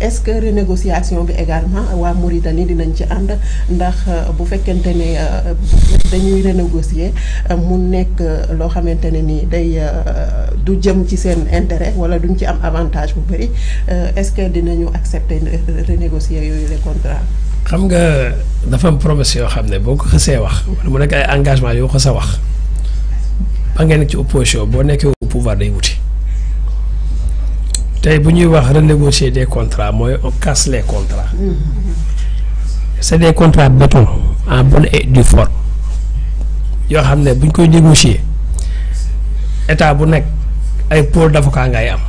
est-ce que renégociation bi également wa Mauritanie dinañ ci ànd ndax euh, bu fekkente ne euh, dañuy renégocier euh, mu nek lo xamantene ni day du jëm ci sen intérêt wala duñ ci am avantage bu bari est-ce que dinañu accepter renégocier yoyu les contrats. xam nga dafa am promesse yoo xam ne boo ko xasee wax wala mu nekk ay engagement yoo ko sa wax ba ngeen ci opposition boo nekkee au pouvoir day wuti. tey bu ñuy wax renégocier des contrats mooy on casse les contrats mm-hmm. Mm-hmm. c'est des contrats béton en bonne et due forme yoo xam ne buñ ñu koy négocier état bu nekk ay pôle d'avocat ngay am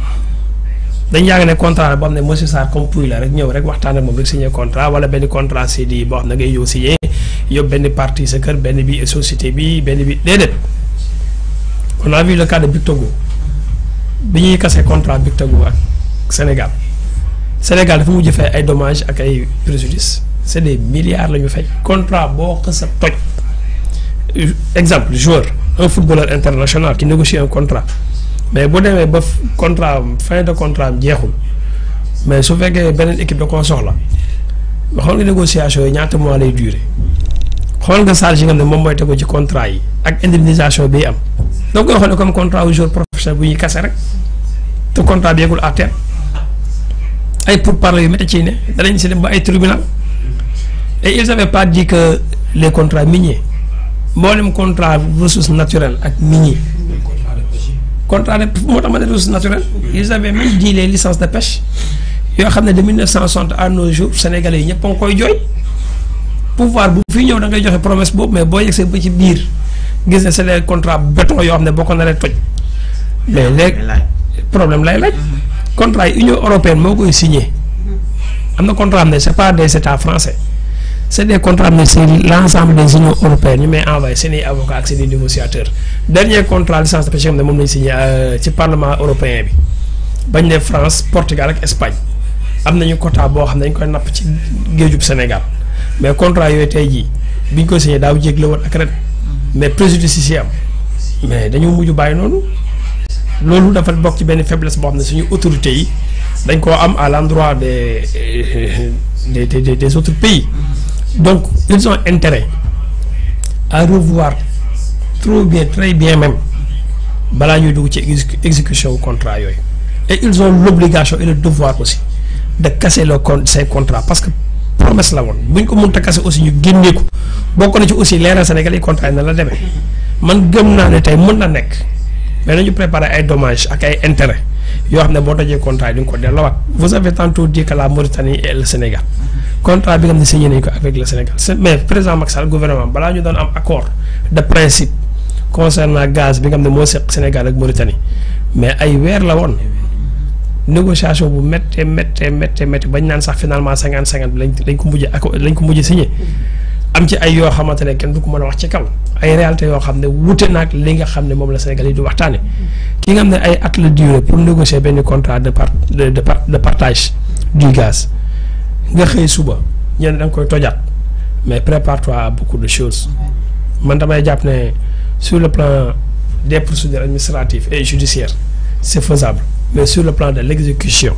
dañ yàgg ne contrat boo xam ne monsieur Sarr comme puy la rek ñëw rek waxtaan ak moom rek signé contrat wala benn contrat CDI boo xam ne ngay yow signé yóbbu benn partie sa kër benn bi société bi benn bi déedéet on a vu le cas de Bictogo bi ñuy kase contrat Bictogo ak Sénégal Sénégal dafa mujj fay ay dommages ak ay préjudice c'est des milliards la ñu contrat boo xës a toj exemple joueur un footballeur international ki négocie un contrat mais boo demee ba contrat fin de contrat am jeexul mais su fekkee beneen équipe da koo soxla xool nga négociation yi ñaata mois lay durer xool nga charge yi nga ne moom mooy tegu ci contrat yi ak indemnisation bi am donc koy xoolee comme contrat wu joueur professionnel bu ñuy kase rek te contrat bi pour parler yu métti ci ne tribunal et ils avaient pas dit que les contrats miniers les contrat ressources naturelles ak minier. contrat de pêche contrat de ressources naturelles ils avaient même dit les licences de pêche yo xamné de 1960 à nos jours sénégalais ñepp ñëpp a ngi koy pouvoir bu fi ñëw da ngay joxe promesse mais boo c'est ba ci biir gis c'est les contrats béton yo xamné ne toj. mais les problème lay contrat yi union européenne moo koy signé am na contrat am ne c' est pas des états français c' est des contrats am ne c' est l' ensemble des unions européennes ñu may envoyé seen i avocats ak seen i négociateurs dernier contrat licence de pêche xam ne moom lañ euh, parlement européen bi bañ ne France Portugal ak Espagne am nañu quota boo xam ne dañ koy napp ci géejub Sénégal mais contrat yooyu tey jii biñ ko signé daaw jéeg la woon ak ren mais préjudice yi si am mais dañoo mujj bàyyi noonu. loolu dafa bokk ci benn faiblesse boo xam ne suñu autorités yi dañ koo am à l'endroit de euh, des des des autres pays donc ils ont intérêt à revoir trop bien très bien même balaa ñuy dugg ci exécution contrat yooyu et ils ont l'obligation et le devoir aussi de casser le con ces contrats parce que promesse la woon bu ñu ko mënta casser aussi ñu génnee ko bokk na ci aussi leeral Sénégal yi contrat yi na la demee man gëm naa ne tey mën na nekk. mais nañu préparer ay domage ak ay intérêts yoo xam ne boo dajee contrat di nga ko delloowaat vous avez tantôt dit que la Mauritanie et le Sénégal contrat bi nga xam ne signé nañu ko avec le Sénégal mais président Macky Sall gouvernement balaa ñu doon am accord de principe concernant gaz bi nga xam ne moo seq Sénégal ak Mauritanie mais ay weer la woon négociation bu méttee méttee méttee méttee bañ naan sax finalement cinquante cinquante lañ lañ ko mujj lañ ko mujj signé. am ci ay yo xamantene ne du ko mën a wax ci kaw ay réalité yo xamné wouté nak li nga xamné que la Sénégal yi di waxtané ki nga xamné ay at la durée pour négocier ben contrat de part de de partage du gaz nga xey suba il y koy tojat mais prépare-toi à beaucoup de choses man damay japp né sur le plan des procédures administratives et judiciaires c'est faisable mais sur le plan de l'exécution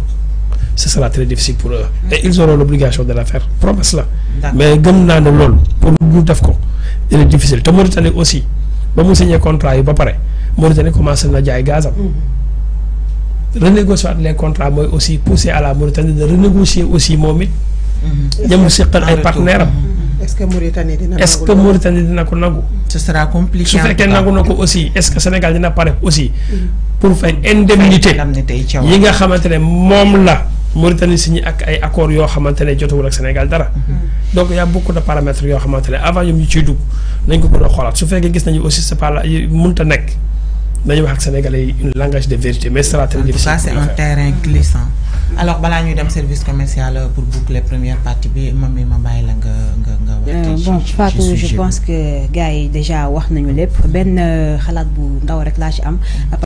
ce sera très difficile pour eux. Et ils auront l'obligation de la faire. Promesse cela Mais comme nous lool pour nous il est difficile. Et Mauritanie aussi, ba nous signé un contrat, il paré Mauritanie commence à dire gaz. Mm-hmm. Renégocier les contrats, moy aussi, pousser à la Mauritanie de renégocier aussi mon mythe. Nous un partenaire. Est-ce que Mauritanie dina est-ce que Mauritanie ko ce sera compliqué su fekkee aussi est-ce que Sénégal dina pare aussi. Mm-hmm. pour faire indemnité yi nga xamante ne moom la. Mauritanie signé ak ay accords yo xamantene ne jotawul ak Sénégal dara. Mhm. donc y' a beaucoup de paramètres yo xamantene avant ñu ci dugg nañ ko gën a su fekkee gis nañu aussi c'est pas la mënut a nekk wax ak sénégalais une un langage de vérité mais sera c'est un terrain glissant. alors balaa ñuy dem service commercial euh, pour boucler première partie bi moom mi ma bàyyi la nga nga nga euh, bon Fatou je pense que gars déjà wax nañu lépp benn euh, xalaat bu ndaw rek laa ci am. Mhm.